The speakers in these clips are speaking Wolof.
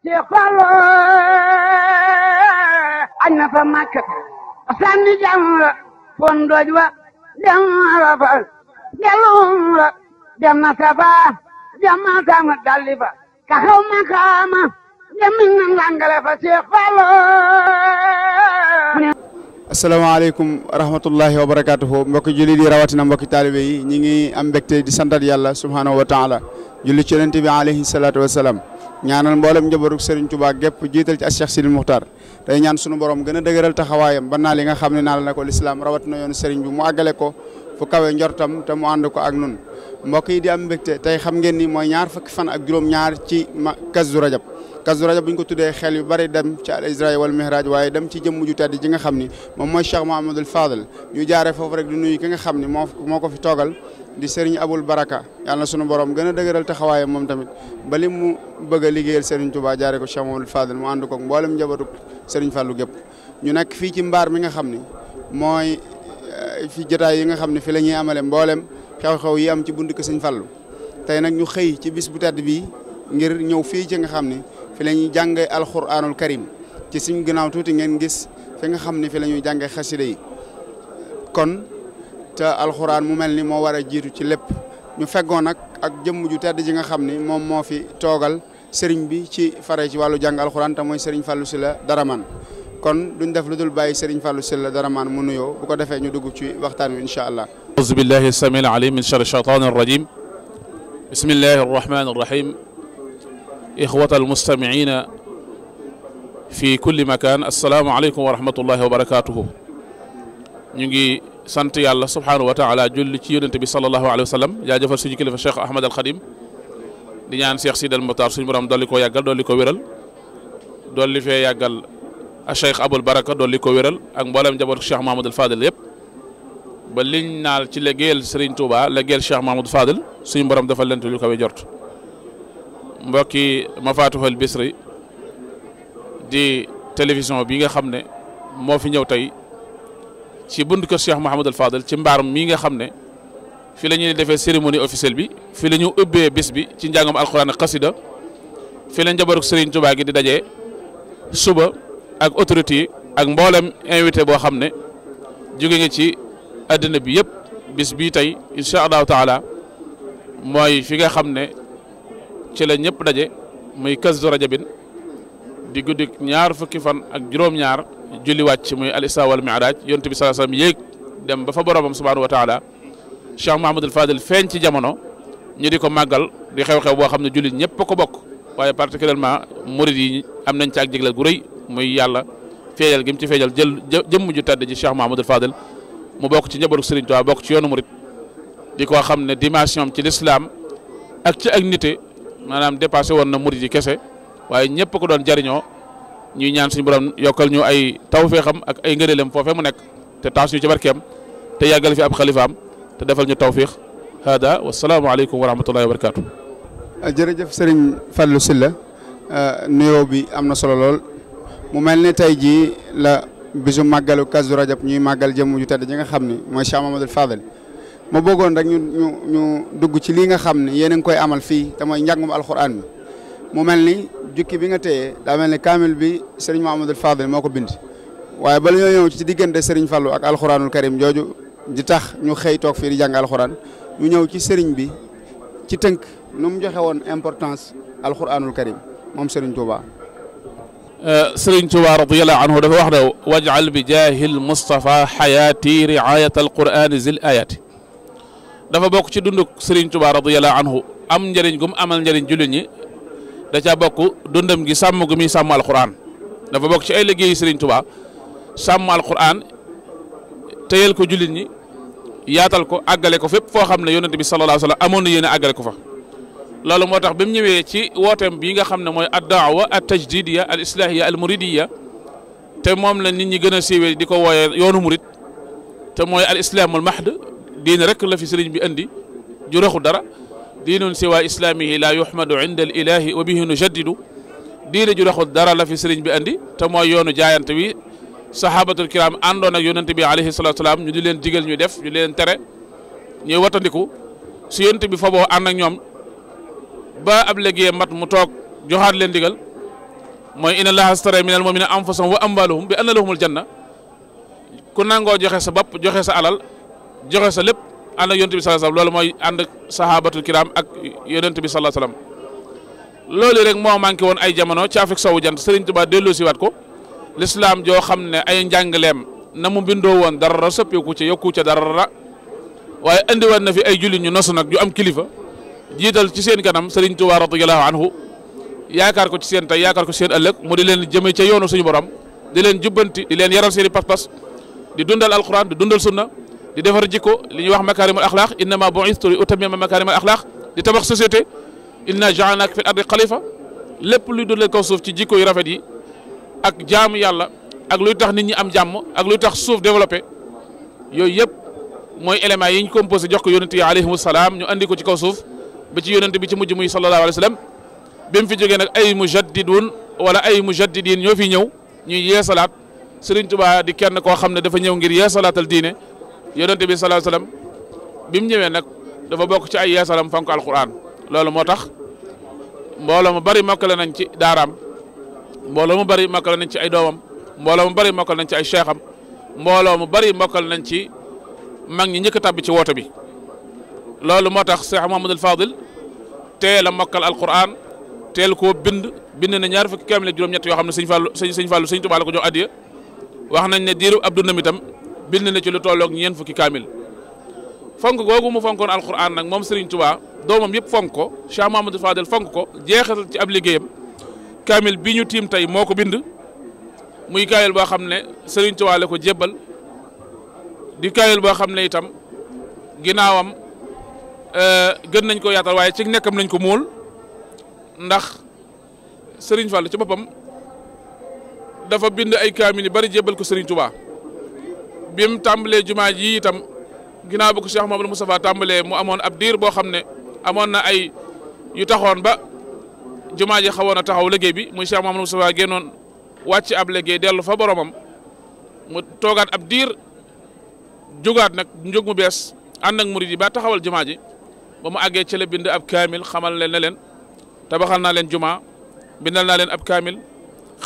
Seex Fallu añ na fa Makka sànni jamra fon doj wa dem fa ka xaw makaama fa Seex Fallu asalaamaaleykum wa rahmatullahi wa barakatuhu mbokki jullit yi rawatina mbokki taalibe yi ñi ngi am mbégte di santat yàlla subhaanahu wa taala julli ci yonent bi wa salaam ñaanal mboolem njabaruk Serigne Touba gépp jiital a as Cheikh Sidil Muxtar tey ñaan sunu borom gën a dëgëral taxawaayam ba naa li nga xam ne naa la ko lislaam rawat na yoonu Serigne bi mu àggale ko fu kawe njortam te mu ànd ko ak nun mbokk yi di am mbégte tey xam ngeen ni mooy ñaar fukki fan ak juróom-ñaar ci ma Kazu Rajab Kazu Rajab bu ñu ko tuddee xel yu bare dem ci al Isra wal Mihraj waaye dem ci jëmm ju tedd ji nga xam ni moom mooy Cheikh Mouhamadoul Fadal ñu jaaree foofu rek di ki nga xam ni moo moo ko fi toogal di Serigne Abul Baraka yàlla na sunu borom gën a dëgëral taxawaayam moom tamit ba li mu bëgg a liggéeyal Serigne Touba jaaree ko Cheikh mu ànd koog mboolem njabootu Serigne Fallou gépp ñu nekk fii ci mbaar mi nga xam ni mooy eh, fi jotaay yi nga xam ne fi la ñuy amale mboolem xew-xew yi ci buntu ko Serigne Fallou tey nag ñu xëy ci bis bu tedd bii ngir ñëw fii ci xam ni fi la ñuy jàngee alxuraanul karim ci suñ ginnaaw tuuti ngeen gis fi nga xam ni fi la ñuy jàngee xasida yi kon. te alxuraan mu mel ni moo war a jiitu ci lépp ñu feggoon nag ak jëmm ju tedd ji nga xam ni moom moo fi toogal sëriñ bi ci fare ci wàllu jàng alxuraan te mooy si la dara Daraman kon duñ def lu dul bàyyi sëriñ Fallou Sylla Daraman mu nuyoo bu ko defee ñu dugg ci waxtaan wi incha allah auzu billahi samil alim min shar shaytan arrajim bismillahi arrahmani arrahim ixwata almustamiina fi kulli makan assalaamu aleykum wa rahmatullahi wa barakatuhu ñu ngi sant yàlla subhaanahu wa taala julli ci yonente bi sallallahu alayhi wa sallam jaajëfal suñu kilifa cheikh ahmad al xadim di ñaan cheikh sidal motar suñu borom dolli koo yàggal dolli ko wéral dolli fee yàggal a cheikh abul baraka dolli ko wéral ak mboolem njaboot cheikh mahamadul fadil yëpp ba liñ naal ci liggéeyal Serigne Touba liggéeyal cheikh mahamadul fadil suñu borom dafa lent lu kawe jort mbokki Mafatihul Bichri di télévision bi nga xam ne moo fi tey ci bunt kër Cheikh Mouhamadul Fadel ci mbaaram mii nga xam ne fi la ñuy defee cérémonie officielle bi fi la ñu ubbee bis bi ci njàngam alxuraan xasida fi la njabaruk Serigne Touba gi di daje suba ak autorité ak mboolem invité boo xam ne jóge nga ci àddina bi yëpp bis bii tey incha allahu taala mooy fi nga xam ne ci la ñëpp daje muy kas du rajabin di guddik ñaar fukki fan ak juróom-ñaar julli wàcc muy al isra wal miraaj yonent bi sallallahu alayhi wasallam yéeg dem ba fa boromam subhanahu wa taala Cheikh Mahamadul Fadil feeñ ci jamono ñu di ko màggal di xew-xew boo xam ne jullit ñëpp ko bokk waaye particulièrement murid yi am nañ ci ak jégleel gu muy yàlla feeñal gi mu ci feeñal jël jëmm ju tedd ji Cheikh Mahamadul Fadil mu bokk ci njabootu Serigne Touba bokk ci yoonu mu murid di ko xam ne dimension ci l'islam ak ci ak nite maanaam dépassé woon na murid yi kese waaye ñëpp ko doon jariñoo ñuy ñaan suñu borom yokkal ñu ay tawféexam ak ay ngëneelam foofee mu nekk te taas ñu ci barkeem te yàggal fi ab xalifaam te defal ñu tawféex hada wasalaamaaleykum wa rahmatullahi wa barakaatu. Euh, jërëjëf Serigne Fallou Sylla euh, nuyoo bi am na solo lool mu mel ne tey jii la bisu màggalu Kazu Rajab ñuy màggal jëmm ju tedd ji nga xam ni mooy Cheikh Mamadou Fadel ma bëggoon rek ñu dugg ci lii nga xam ne yéen a ngi koy amal fii te mooy njàngum alxuraan bi mu mel ni jukki bi nga téye daa mel ni kaamil bi sëriñ Mahamadul Fadil moo ko bind waaye bala ñoo ñëw ci diggante sëriñ Fallou ak alxuraanul karim jooju di tax ñu xëy toog fii di jàng alxuraan ñu ñëw ci sëriñ bi ci tënk nu mu joxe woon importance alxuraanul karim moom sëriñ Touba. Euh, sëriñ Touba radiyallahu anhu dafa wax bi jaahil Mustafa dafa bokk ci dunduk sëriñ Touba radiyallahu am njëriñ gum amal njëriñ jullit ñi da caa bokk dundam gi sàmm gu muy sàmm alquran dafa bokk ci ay liggéeyu Serigne Touba sàmm alquran téyel ko jullit ñi yaatal ko àggale ko fépp foo xam ne yonent bi sallallahu alayhi wa sallam amoon na yéen a ko fa. loolu moo tax bi mu ñëwee ci wooteem bii nga xam ne mooy ad daawa at tajdidiya al islahiya al muridiya te moom la nit ñi gën a siiwee di ko wooyee yoonu murit te mooy al islamul mahd diine rek la fi sëriñ bi indi ju raxu dara. diinun siwa islaamihi la yuhmadu inda al ilahi wa bihi nujaddidu diine ju doxul dara la fi sëriñ bi andi te mooy yoonu jaayante wi sahabatul kiram àndoon ak yonente bi alayhi salatu salaam ñu leen digal ñu def ñu leen tere ñuy watandiku su yonente bi fa boo ànd ak ñoom ba ab léegi mat mu toog joxaat leen digal mooy inna allaha astara minal mu'minina anfusahum wa amwalahum bi anna lahumul janna ku nangoo joxe sa bopp joxe sa alal joxe sa lépp ànd ak yonent bi sallallahu alayhi wasallam loolu mooy ànd ak sahabatul kiram ak yonent bi sallallahu alayhi wasallam loolu rek moo manqué woon ay jamono ci Afrique sowu jant Serigne waat ko l'islam joo xam ne ay njàngaleem na mu bindoo woon dara soppiku ci yokku ca dara waaye indiwaat na fi ay jullit ñu nosu nag ñu am kilifa jiital ci seen kanam Serigne Touba radiyallahu anhu yaakaar ko ci seen tey yaakaar ko ci seen ëllëg mu di leen jëmee ca yoonu suñu borom di leen di defar jikko li ñuy wax makaarimul axlaaq innama bu'istu li utammima makaarimal axlaaq di tabax société inna ja'alnaaka fil ardi xalifa lépp luy dundal kaw suuf ci jikko yu rafet yi ak jaamu yàlla ak luy tax nit ñi am jàmm ak luy tax suuf développé yooyu yëpp mooy éléments yi ñu composé jox ko yonent yi alayhimu salaam ñu andi ko ci kaw suuf ba ci yonent bi ci mujj muy sallallahu alayhi wa sallam bi mu fi jógee nag ay mujaddidun wala ay mujaddidin ñoo fi ñëw ñuy yeesalaat Serigne Touba di kenn koo xam ne dafa ñëw ngir yeesalaatal diine. yonente bi sallallahu alayhi wasallam bi mu ñëwee nag dafa bokk ci ay yeesalam fonk alquran loolu moo tax mbooloo mu bari mokkale nañ ci daaraam mbooloo mu bari mokkale nañ ci ay doomam mbooloo mu bari mokkal nañ ci ay cheikham mbooloo mu bari mokkal nañ ci mag ñi njëkk a ci woote bi loolu moo tax mu Cheikh Mouhamadul Fadil teel a mokkal alquran teel koo bind bind na ñaar fukki kaamil juróom-ñett yoo xam ne sëñ Fallou sëñ sëñ Fallou sëñ Tuubaa la ko jox addiya wax nañ ne diiru Abdou Ndam itam bind na ci lu tolloog ñeent fukki kaamil fonk googu mu fonkoon alquran nag moom Serigne Touba doomam yëpp fonk ko Cheikh Mahamadou Fadel fonk ko jeexatal ci ab liggéeyam kaamil bi ñu tiim tey moo ko bind muy kaamil boo xam ne Serigne ko jébbal di kaamil boo xam ne itam ginnaawam euh, gën nañ ko yaatal waaye ci nekkam nañ ko muul ndax sëriñ Fall ci boppam dafa bind ay kaamil yu bari jébbal ko Serigne Touba. bi mu tàmbalee jumaa ji itam ginnaaw bu ko Cheikh Mamadou Moustapha tàmbalee mu amoon ab diir boo xam ne amoon na ay yu taxoon ba jumaa ji xawoon a taxaw liggéey bi muy Cheikh Mamadou Moustapha génnoon wàcc ab liggéey dellu fa boromam mu toogaat ab diir jugaat nag njug mu bees ànd ak murid yi ba taxawal jumaa ji ba mu àggee ci la bind ab kaamil xamal leen ne leen tabaxal naa leen jumaa bindal naa leen ab kaamil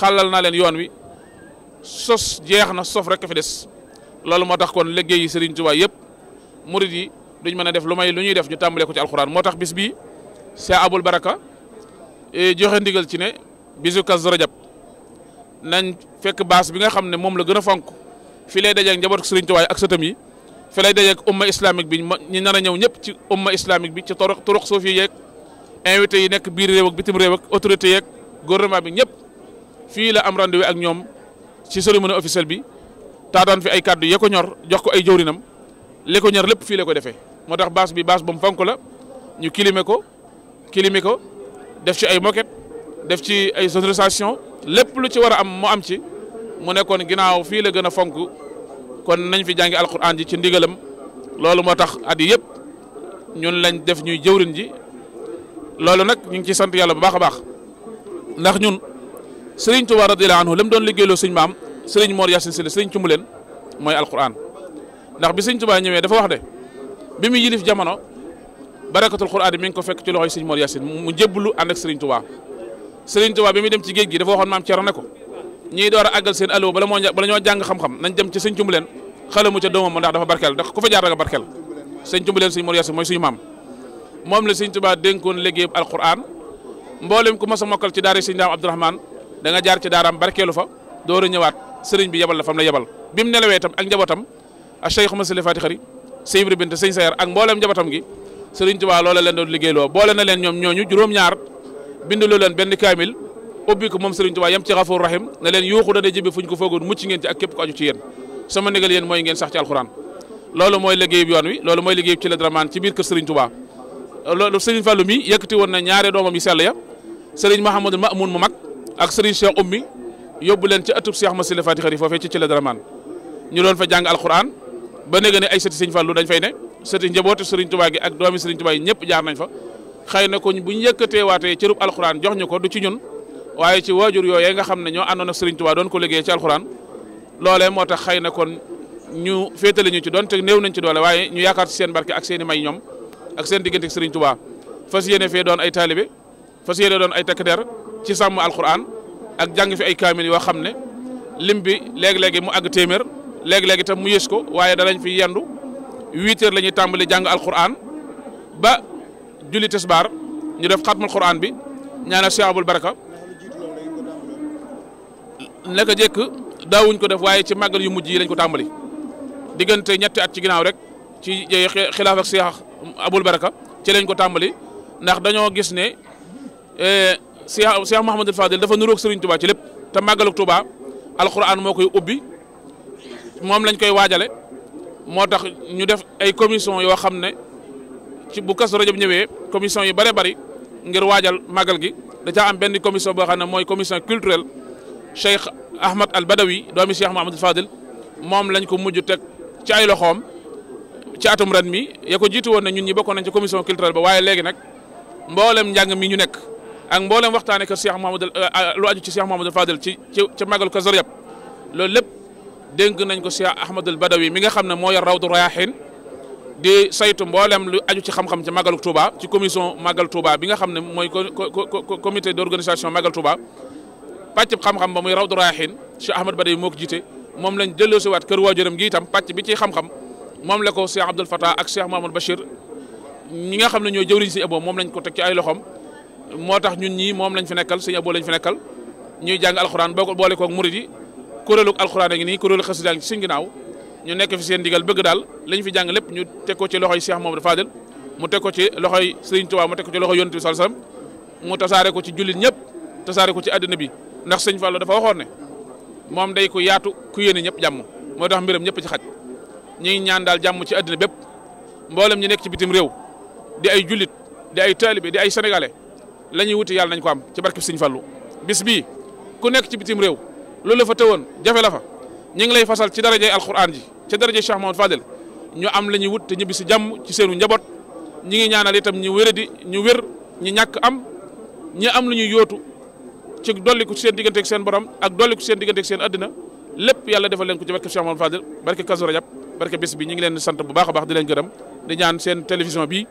xàllal naa leen yoon wi sos jeex na sof rek fi des loolu moo tax kon liggéeyu Serigne Touba yëpp murid yi duñ mën a def lu may lu ñuy def ñu tàmbalee ko ci alxuraan moo tax bis bii Cheikh Abul Baraka eh, joxe ndigal ci ne bisu Kazu Rajab nañ fekk baas bi nga xam ne moom la gën a fonk fi lay dajeeg njaboot Serigne Touba ak sëtam yi fi lay dajeeg umma islamique bi ñi nar a ñëw ñëpp ci umma islamique bi ci torox torox suufi yeeg invité yi nekk biir réew ak bitim réew ak autorité yeeg gouvernement bi ñëpp fii la am rendez-vous ak ñoom ci cérémonie officielle bi. taataan fi ay kàddu ya ko ñor jox ko ay jëwrinam li ko ñor lépp fii la ko defee moo tax baas bi baas ba mu la ñu kilime ko kilime ko def ci ay moquette def ci ay sonorisation lépp lu ci war a am mu am ci mu nekkoon ginnaaw fii la gën a fonk kon nañ fi jàngi alquran ji ci ndigalam loolu moo tax at yi yëpp ñun lañ def ñuy jëwrin ji loolu nag ñu ngi ciy sant yàlla bu baax baax ndax ñun Serigne Touba radiyallahu anhu la mu doon liggéeyloo suñ maam sëriñ Mor Yacine Sylla sëriñ Cumbuleen mooy alquran ndax bi sëriñ Tuubaa ñëwee dafa wax de bi mu yilif jamono barakatul quran mi ko fekk ci loxoy sëriñ Mor Yacine mu jébbalu ànd ak sëriñ Tuubaa sëriñ Tuubaa bi muy dem ci géej gi dafa waxoon maam Thierno ne ko ñiy door a àggal seen allo bala moo bala ñoo xam-xam nañ dem ci sëriñ Cumbuleen xalamu ca doomam ndax dafa barkeel ndax ku fa jaar da nga barkeel sëriñ Cumbuleen sëriñ Mor Yacine mooy suñu maam moom la sëriñ Tuubaa dénkoon liggéeyub ku a mokkal ci daara sëriñ Daam Abdourahmane da nga jaar ci daaraam barkeelu fa a sëriñ bi yebal la fam la yebal bi mu tam ak njabootam ak Cheikh Massile Fati Xari Sèye Ibra sëriñ sëriñ Tuubaa loolu sëriñ Tuubaa loolu sëriñ Fàllu woon na ñaare doomam yi sell ya sëriñ Mahamadou Mamoun mu mag ak sëriñ Cheikh Ummi yóbbu leen ci ëttub Seex Masila Fatixa yi foofee ci ci la daramaan ñu doon fa jàng alquran ba néega ne ay sëti Sëriñ Fallu dañ fay ne sëti njabootu Sëriñ Tubaa gi ak doomi Sëriñ Tubaa yi ñëpp jaar nañ fa xëy na ko bu ñu yëkkatee waatee cërub alquran jox ñu ko du ci ñun waaye ci waajur yooyee nga xam ne ñoo àndoon ak Tubaa doon ko liggéey ci alquran loolee moo tax xëy na kon ñu féetale ñu ci doon te néew nañ ci doole waaye ñu yaakaar ci seen barke ak seen i may ñoom ak seen diggante ak fas yéene fee doon ay taalibe fas yéene doon ay takk der ci sàmm alquran ak jàng fi ay kaamil yoo xam ne lim bi léegi-léegi mu àgg téeméer léegi-léegi tam mu yées ko waaye danañ fi yandu huit heures tàmbali jàng al alquran ba julli tisbaar ñu def xatmul quran bi ñaanal Cheikh Abul Baraka naka jekk daawuñ ko def waaye ci màggal yu mujj yi lañ ko tàmbali diggante ñetti at ci ginnaaw rek ci xilaaf ak Cheikh Abul Baraka ci lañ ko tàmbali ndax dañoo gis ne. Eh, Cheikh Cheikh Mouhamadul Fadil dafa nuroog Serigne Touba ci lépp te màggalug Touba alxuraan moo koy ubbi moom lañ koy waajale moo tax ñu def ay commission yoo xam ne ci bu Kazu Rajab ñëwee commission yi bare bari ngir waajal màggal gi da caa am benn commission boo xam ne mooy commission culturelle Cheikh Ahmad al Badawi doomi Cheikh Mouhamadul Fadil moom lañ ko mujj teg ci ay loxoom ci atum ren mi ya ko jiitu woon ne ñun ñi bokkoon nañ ci commission culturelle ba waaye léegi nag mboolem njàng mi ñu nekk. ak mbooleem waxtaanee kër Cheikh Mouhamadou euh, lu aju ci Cheikh Mouhamadou Fadel ci magal ci màggal Kazu Rajab loolu lépp dénk nañ ko Cheikh Ahmadul Badawi mi nga xam ne moo yor Rawdu Rayaahiin di saytu mboolem lu aju ci xam-xam ci màggalu Touba ci commission màggal Touba bi nga xam ne mooy comité d'organisation màggal Touba pàcc xam-xam ba muy raw Rawdu Rayaahiin Cheikh Ahmad Badawi moo ko jiite moom lañ delloosiwaat kër waajuram gi itam pàcc bi ci xam-xam moom la ko Cheikh Abdoul Fatah ak Cheikh Mouhamadou Bachir ñi nga xam ne ñooy jëwriñ si ebo moom lañ ko teg ci ay loxoom moo tax ñun ñii moom lañ fi nekkal sëñ Abo lañ fi nekkal ñuy jàng alxuraan boo ko boole koog murid yi kuréelu alxuraan a ngi nii kuréelu xasida ngi suñ ginnaaw ñu nekk fi seen digal bëgg daal liñ fi jàng lépp ñu teg ko ci loxoy Cheikh Mamadou Fadel mu teg ko ci loxoy Serigne Touba mu teg ko ci loxoy Yonent bi sallallahu alayhi wasallam mu tasaare ko ci jullit ñëpp tasaare ko ci àddina bi ndax sëñ Fallou dafa waxoon ne moom day ku yaatu ku yéene ñëpp jàmm moo tax ñëpp ci xaj ñu ngi ñaan daal jàmm ci àddina bépp mboolem ñu nekk ci bitim réew di ay jullit di ay di ay sénégalais la ñuy wuti yàlla nañ ko am ci barke Sëñ Fallu bis bii ku nekk ci bitim réew loolu la fa teewoon jafe fa ñu ngi lay fasal ci darajay alquran ji ci darajay Cheikh Mahamad Fadel ñu am la ñuy wut te ñibbi si jàmm ci seenu njaboot ñi ngi ñaanal itam ñu wéradi ñu wér ñu ñàkk am ñi am lu ñuy yóotu ci dolliku seen diggante seen borom ak dolliku seen diggante ak seen addina lépp yàlla defal leen ko ci barke Cheikh Mahamad Fadel barke Kazu Rajab barke bis bi ñu ngi leen sant bu baax a baax di leen ñaan seen télévision bi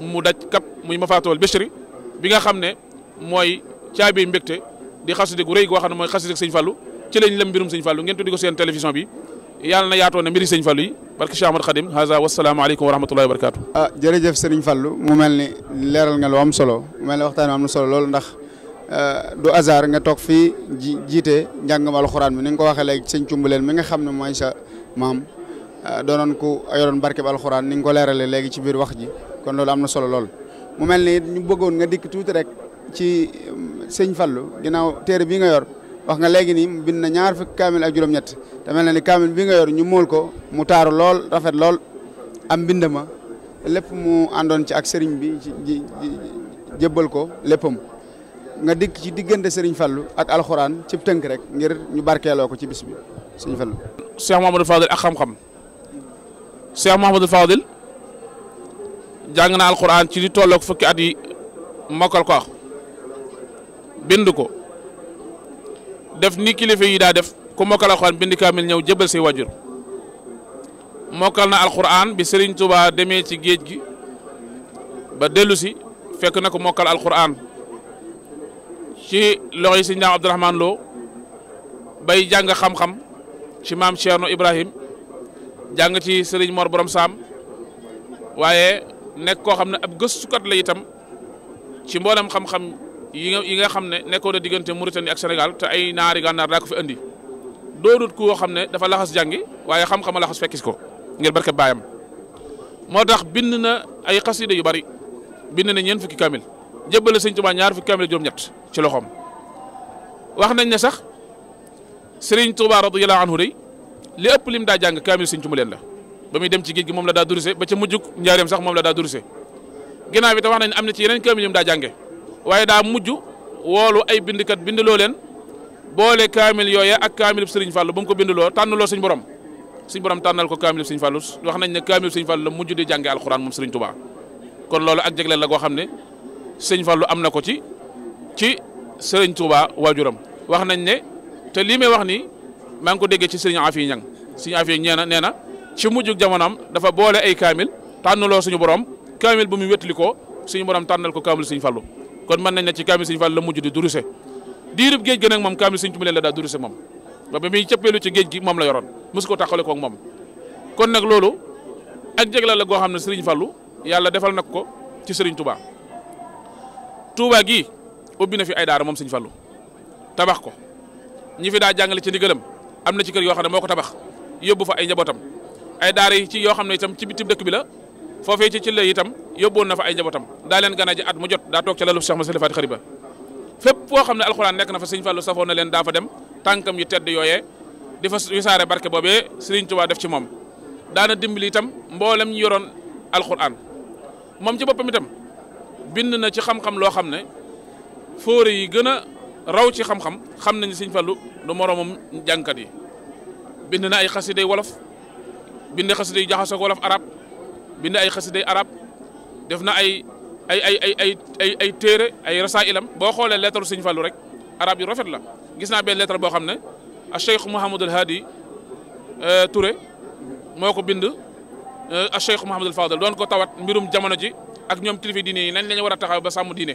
mu daj kap muy Mafatihul Bichri bi nga xam ne mooy caabi mbégte di xasida gu rëy goo xam mooy mooy xasida sëñ Fallou ci lañ lem mbirum sëñ Fallou ngeen tuddi ko seen télévision bi yàlla na yaatoo na mbiri sëñ Fallou yi barke Cheikh Ahmad Khadim haza wasalaamaaleykum wa rahmatullahi wa barakatu ah jërëjëf sëriñ Fallou mu mel ni leeral nga lu am solo mel ni waxtaan am na solo loolu ndax eh, du hasard nga toog fii ji jiite njàngam alxuraan bi ni nga ko waxee léegi sëñ cumbaleen mi nga xam ne mooy sa maam eh, doonoon ku yoroon barkeb alxuraan ni nga ko leeralee léegi ci biir wax ji kon loolu am na solo lool mu mel ni ñu bëggoon nga dikk tuuti rek ci um, sëñ fallu ginnaaw téere bii nga yor wax nga léegi nii bind na ñaar fukki kaamil a juróom-ñett te mel na ni kaamil bi nga yor ñu mool ko mu taaru lool rafet lool am mbind ma lépp mu àndoon ci ak sëriñ bi ci jébbal ko léppam nga dikk ci diggante sëriñ Fallou ak alxuraan ci tënk rek ngir ñu barkeeloo ko ci bis bi sëriñ Fallou. Cheikh Mahamadou Fadil ak xam-xam Cheikh Mahamadou Fadil. jàng naa alquran ci li tolloog fukki at yi mokkal ko bind ko def ni kilifa yi daa def ku mokkal alquran bind kaamil ñëw na alquran bi sëriñ Touba demee ci géej gi ba dellusi fekk na ko mokkal alquran ci loxo si Ndiame Abdourahmane Lo bay jàng xam-xam ci maam Thierno Ibrahim jàng ci Serigne Mor Borom Sam waaye nekk koo xam ne ab gëstukat la itam ci mboolem xam-xam yi nga xam ne nekkoo na diggante Mauritanie ak Sénégal te ay naari gànnaar daa ko fi andi doodut ku xam ne dafa laxas jàngi waaye xam-xama laxas fekkis ko ngir barke baayam moo tax bind na ay xasida yu bari bind na ñeent fukki kamil jëbal sëñ Tuubaa ñaar fukki kamil juróom-ñett ci loxoom wax nañ ne sax sëriñ Tuubaa radiyallaahu anhu day li ëpp lim daa jàng kamil sëñ Tuubaa leen la ba muy dem ci géej gi moom la daa duruse ba ca mujjug njaareem sax moom la daa duruse ginnaaw bi te wax nañ am na ci yeneen kaamil yu mu daa jànge waaye daa mujj woolu ay bindkat bindloo leen boole kaamil yooya ak kaamil Sëriñ Fàllu ba mu ko bindloo tànnloo suñ borom suñ borom tànnal ko kaamil Sëriñ Fàllu wax nañ ne kaamil Sëriñ Fàllu la mujj di jànge alxuraan moom Sëriñ Tuubaa kon loolu ak jagleel la goo xam ne Sëriñ Fàllu am na ko ci ci Sëriñ Tuubaa waajuram wax nañ ne te lii may wax nii maa ngi ko déggee ci Sëriñ Afi Ñang Sëriñ Afi ñeena nee na ci mujjug jamonoom dafa boole ay kaamil tànnaloo suñu borom kaamil bu muy wétli ko suñu borom tànnal ko kaamil suñu fallu kon mën nañ na ci kaamil suñu fallu la mujj di duruse diirub géej gi nag moom kaamil suñu Tuubaa la daa duruse moom ba bi muy cëppeelu ci géej gi moom la yoroon mosu ko tàqale ko ak kon nag loolu ak jégla la xam ne Serigne Fallou yàlla defal na ko ci Serigne Touba Touba gi ubbi na fi ay daara moom Serigne Fallou tabax ko ñi fi daa jàngale ci ndigalam am na ci kër yoo xam ne moo ko tabax yóbbu fa ay njabootam ay daara ci yoo xam ne itam ci bitim dëkk bi la foofee ci ci lay itam yóbboon na fa ay njabootam daa leen gana ji at mu jot daa toog ca lalu Cheikh Moussa Faty Xariba fépp xam nekk na fa sëñ Fallou safoo leen daa fa dem tànkam yi tedd yooyee di fa wisaare barke boobee Sëriñ Tuubaa def ci moom daana dimbali itam mboolem ñu yoroon alxuraan moom ci boppam itam bind na ci xam-xam loo xam ne foo yi gën a raw ci xam-xam xam nañu sëñ falu du moroomam jànkat yi bind na ay xasida wolof bind xasida yu jaxasoo wolof arab bind ay xasida arab def na ay ay ay ay ay ay ay téere ay rasailam boo xoolee lettre Sëñ Fallu rek arab yu rafet la gis naa benn boo xam ne a Cheikh Mouhamadul Hadi euh, Touré moo ko bind euh, a Cheikh Mouhamadul Fadal doon ko tawat mbirum jamono ji ak ñoom kilifa diine yi nañ la ñu war a ba sàmm diine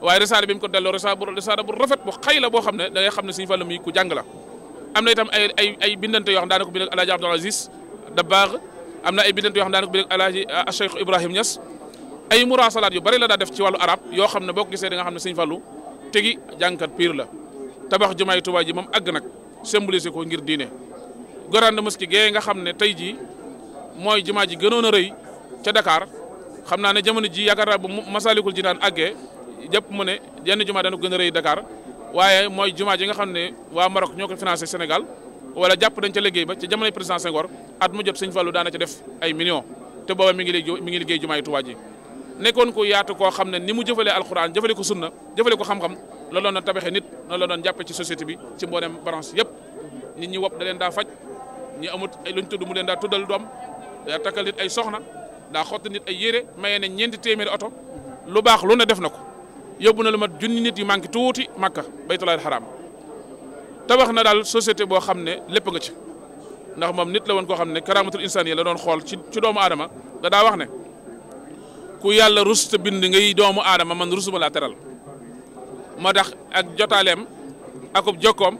waaye risaale bi mu ko delloo risaale bu bu rafet bu xay la boo xam ne da ngay xam ne Sëñ Fallu mi ku jàng la am na itam ay ay bindante yoo xam daanaka ko baax am na ay bidant yoo xam daanaka bi rek alaaji ah, Cheikh Ibrahim Niass ay muraasalaat yu bari la daa def ci wàllu arab yoo xam ne boo ko gisee da nga xam ne sëñ Fallou tegi jàngkat piir la tabax jumaay Tuubaa ji moom àgg nag symboliser ko ngir diine grande mosquée gee nga xam ne tey jii mooy jumaa ji gënoon a rëy ca dakaar xam naa ne jamono ji yaakaar naa bu Masaalikul naan àggee jëpp mu ne jenn jumaa dana gën a rëy Dakar waaye mooy jumaa ji nga xam ne waa Maroc ñoo Sénégal wala jàpp dañ ca liggéey ba ca jamonoy président Senghor at mu jot sëñ Fallou daana ca def ay millions te booba mi ngi liggéey mi ngi liggéey jumaay Tuubaa ji nekkoon ko yaatu ko xam ne ni mu jëfalee alxuraan jëfale ko sunna jëfale ko xam-xam la a na tabaxee nit noonu la doon jàppe ci société bi ci mboolem branche yëpp nit ñi wopp da leen daa faj ñi amut ay luñ tudd mu leen daa tuddal doom daa takkal nit ay soxna daa xotti nit ay yére mayee ne ñeenti téeméeri oto lu baax lu ne def na ko yóbbu na lu mat junni nit yu manqué tuuti Makka baytulaahil xaraam tabax na daal société boo xam ne lépp nga ci ndax moom nit la woon koo xam ne karamatul insani la doon xool ci ci doomu aadama da daa wax ne ku yàlla rus te bind ngay doomu aadama man rusuma laa teral ma dax ak jotaaleem akub jokkoom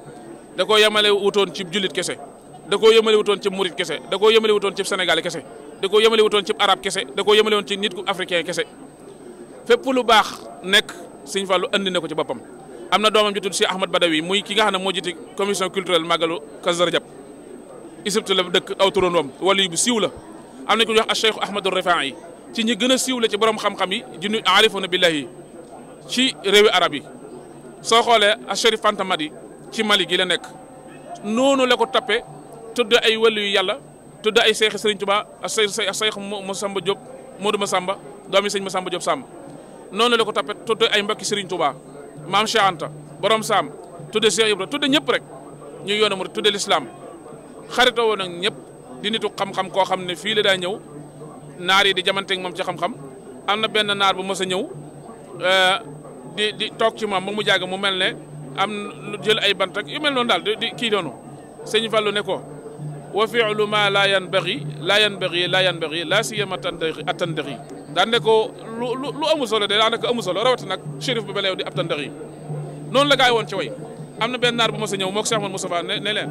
da koo yemale wutoon ci jullit kese da koo yemale wutoon ci murit kese da koo yemale wutoon ci sénégalais kese da koo yemale wutoon ci arab kese da koo yemale woon ci nit ku africain kese fépp lu baax nekk Sëñ Fallu andi na ko ci boppam am na doomam ju tudd Cheikh Ahmad Badawi muy ki nga xam ne moo jiite commission culturelle màggalu Kazu Rajab Égypte la dëkk aw turandoom wali bu siiw la am na ku a wax Cheikh Ahmadou Rafai ci ñi gën a siiw la ci borom xam-xam yi di ñu aarifoona billahi ci réewi arab yi soo xoolee Chérif Fanta Madi ci Mali gi la nekk noonu la ko tappe tudd ay wàllu yu yàlla tudd ay seexi Sëriñ Tuubaa ak seex Masamba Jóob Moodu Masamba doomi sëñ Masamba Jóob Samb noonu la ko tappe tudd ay mbokki Sëriñ Tuubaa maam Cheikh Anta borom saam tudde Cheikh Ibra tudde ñëpp rek ñu yoona mu tudde lislaam xaritoo woon ak ñëpp di nitu xam-xam koo xam ne fii la daa ñëw naar yi di jamanteeg moom ci xam-xam am na benn naar bu mës a ñëw euh, di di toog ci moom ba mu jàgg mu mel ne am jël ay bant ak yu mel noonu daal di kii doonu fal lu ne ko wa fi'lu ma la yanbaghi la laa la yanbaghi la siyama atandaghi daanaka lu lu lu amul solo de daanaka amul solo rawatina nag shérif bi ba léew di ab tàndax noonu la gaa yi woon ci way am na benn naar bu mos a ñëw moog Cheikh Ahmad Moustapha ne ne leen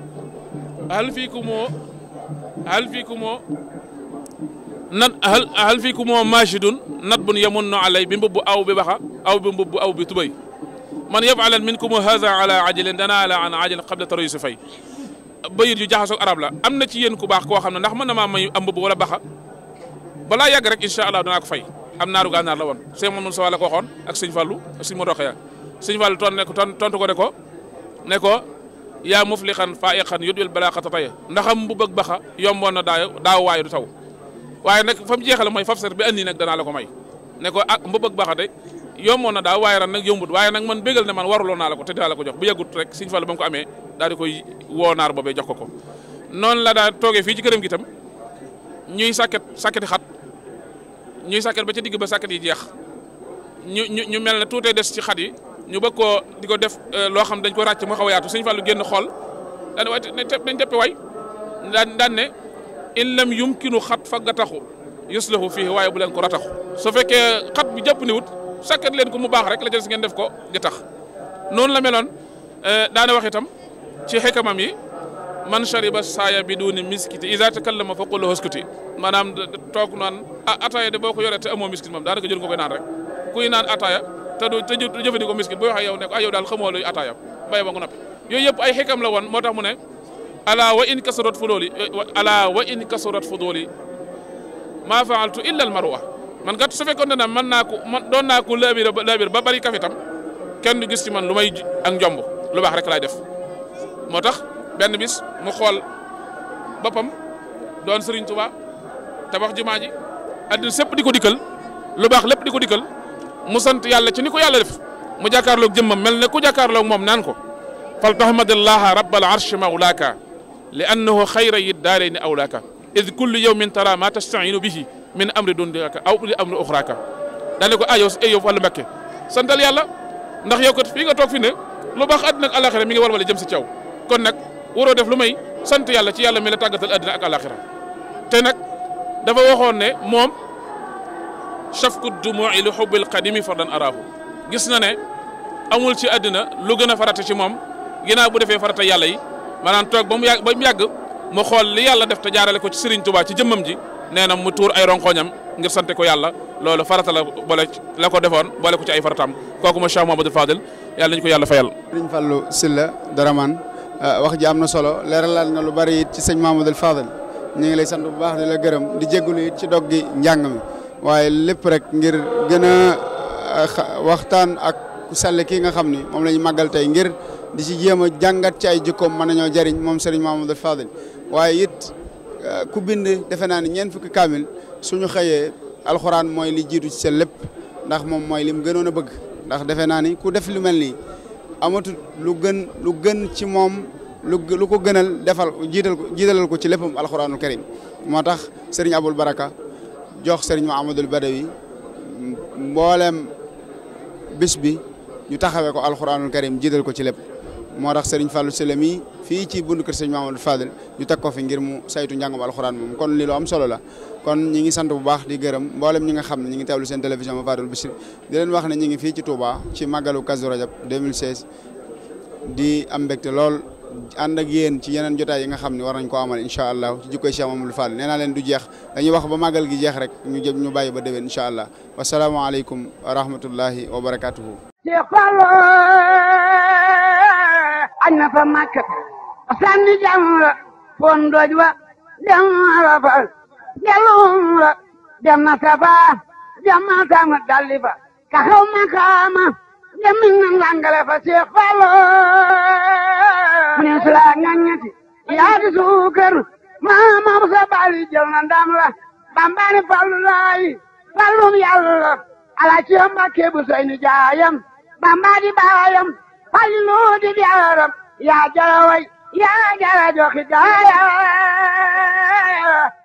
hal fiikumoo hal fiikumoo nat hal hal fiikumoo nat bun yamunnu alay bi mbubbu aw bi baxa aw bi mbubbu aw bi tubay man yafalan moo haza ala ajilin dana la an ajil qabla taroyu si fay bayit yu arab la am na ci yéen ku baax koo xam ne ndax mën na maa may am mbubb wala baxa balaa yàgg rek incha allah danaa ko fay am naaru gànnaar la woon sëñ Mamadou Sow la ko waxoon ak sëñ Fallou ak sëñ Modou Xaya sëñ Fallou tontu ne ko tontu ko ne ko ne ko yaa muflixan faa'iqan yudwil balaaxata tey ndaxam bu bëgg baxa yomboon na daaw daaw waaye du taw waaye nag fa mu jeexale mooy fab ser bi andi nag danaa la ko may ne ko ah mbëbëg baxa de yomboon na daaw waaye ran nag yombut waaye nag man bégal ne man waruloon naa la ko te dinaa la ko jox bu yàggut rek sëñ Fallou ba mu ko amee daal di koy woo naar boobee jox ko ko noonu la daa toogee fii ci këram gi tam ñuy sàkket sàkketi xat ñuy sàkket ba ca digg ba sàkket yi jeex ñu ñu ñu mel ne tuutee des ci xat yi ñu bëgg koo di ko def euh, loo xam dañ ko ràcc mu xaw a yaatu sëñ Fallou génn xool daan waay dañ teppe waay daan daan ne in lam yumkinu xat faggataxu yuslahu fii waaye bu leen ko rataxu su fekkee xat bi jàpp ni wut sàkket leen ko mu baax rek la ca des ngeen def ko gi tax noonu la meloon euh, daana wax itam ci xekamam yi man shariba saaya bi duuni miskiti isa takallama fa qul huskuti maanaam naan ataaya de boo ko yoree te amoo miskit moom daanaka jël nga koy naan rek kuy naan ataaya te du te jëfandikoo miskit boo waxee yow ne ko ah yow daal xamoo luy ataaya bay ba nga noppi yooyu yëpp ay xikam la woon moo tax mu ne ala wa in kasurat fudooli eh, ala wa in kasurat fudooli maa marwa man kat su fekkoon ne na mën naa ko man doon naa ko laabir laabir ba bari kafe tam kenn du gis ci man lu may ak njomb lu baax rek laay def moo tax benn bis mu xool boppam doon Serigne Touba tabax jumaa ji adduna di ko dikkal lu baax lépp di ko dikkal mu sant yàlla ci ni ko yàlla def mu jàkkaarloog jëmmam mel ne ku jàkkaarloog moom naan ko fal tahmadillaha rabbal arshi mawlaaka li annahu xayra yi daarayni awlaaka id kullu yawmin tara ma tastainu bihi min amri dundaka aw li amri uxraaka daane ko ayow si ayow wàllu mbakke santal yàlla ndax yow kat fii nga toog fi ne lu baax àdduna ak alaxira mi ngi war wala si caw kon waroo def lu may sant yàlla ci yàlla mi la tàggatal àddina ak alaxira te nag dafa waxoon ne moom shafku dumu'i li hubbil qadimi fardan arahu gis na ne amul ci àddina lu gën a farata ci moom ginnaaw bu defee farata yàlla yi maanaam toog ba mu yàgg mu yàgg mu xool li yàlla def te jaarale ko ci Serigne Touba ci jëmmam ji nee na mu tuur ay ronkoñam ngir sante ko yàlla loolu faratala la boole la ko defoon boole ko ci ay farataam kooku ma Cheikh Mouhamadou Fadel yàlla nañu ko yàlla fayal. Serigne Fallou Sylla Daraman Ah, wax ji am na solo leeralaat nga lu bari it ci sëñ Mamadou Fadal ñu ngi lay sant bu baax di la gërëm di jégalu it ci dog gi njàng mi waaye lépp rek ngir gën ah, waxtaan ak ku sell kii nga xam ni moom lañu ñu tey ngir di ci jéem a jàngat ci ay jikkoom mën nañoo jariñ moom sëriñ Mamadou Fadal waaye it ah, ku bind defe naa ni ñeent fukki kaamil suñu xëyee alxuraan mooy li jiitu ci seen lépp ndax moom mooy lim gënoon a bëgg ndax defe naa ni ku def lu mel nii amatut lu gën lu gën ci moom lu lu ko gënal defal jiital ko jiitalal ko ci léppam alxuraanul karim moo tax sëriñ Abul Baraka jox sëriñ Muhammadul Badawi mboolem bis bi ñu taxawee ko alxuraanul karim jiital ko ci lépp moo tax sëriñ Fallou Sélé fii ci bundu kër sëñ Mamadou Fadel ñu teg ko fi ngir mu saytu njàngum alxuraan moom kon li lu am solo la kon ñi ngi sant bu baax di gërëm mboolem ñi nga xam ne ñi ngi teewlu seen télévision ma Fadel Bichri di leen wax ne ñi ngi fii ci Touba ci màggalu Kazu Rajab 2016 di am mbégte lool ànd ak yéen ci yeneen jotaay yi nga xam ne war nañ ko amal incha allah ci jikkoy Cheikh Mamadou Fall nee naa leen du jeex dañuy wax ba màggal gi jeex rek ñu jëm ñu bàyyi ba déwén incha allah wasalaamaaleykum wa rahmatullahi wa barakatuhu na fa Makka sànni jamra fon doj wa dem Arafa dellu umra dem na Safa jama sama fa ka xaw makaama dem na langale fa Cheikh Fallo min sula ngañati yaadi suukar maamam sa bali jël na ndam la bambani fallu laayi fallum yàlla ala ci Mbakke bu seyni jaayam bambadi baayam fallu di biyaaram yaa jara way yaa jara joxi daaya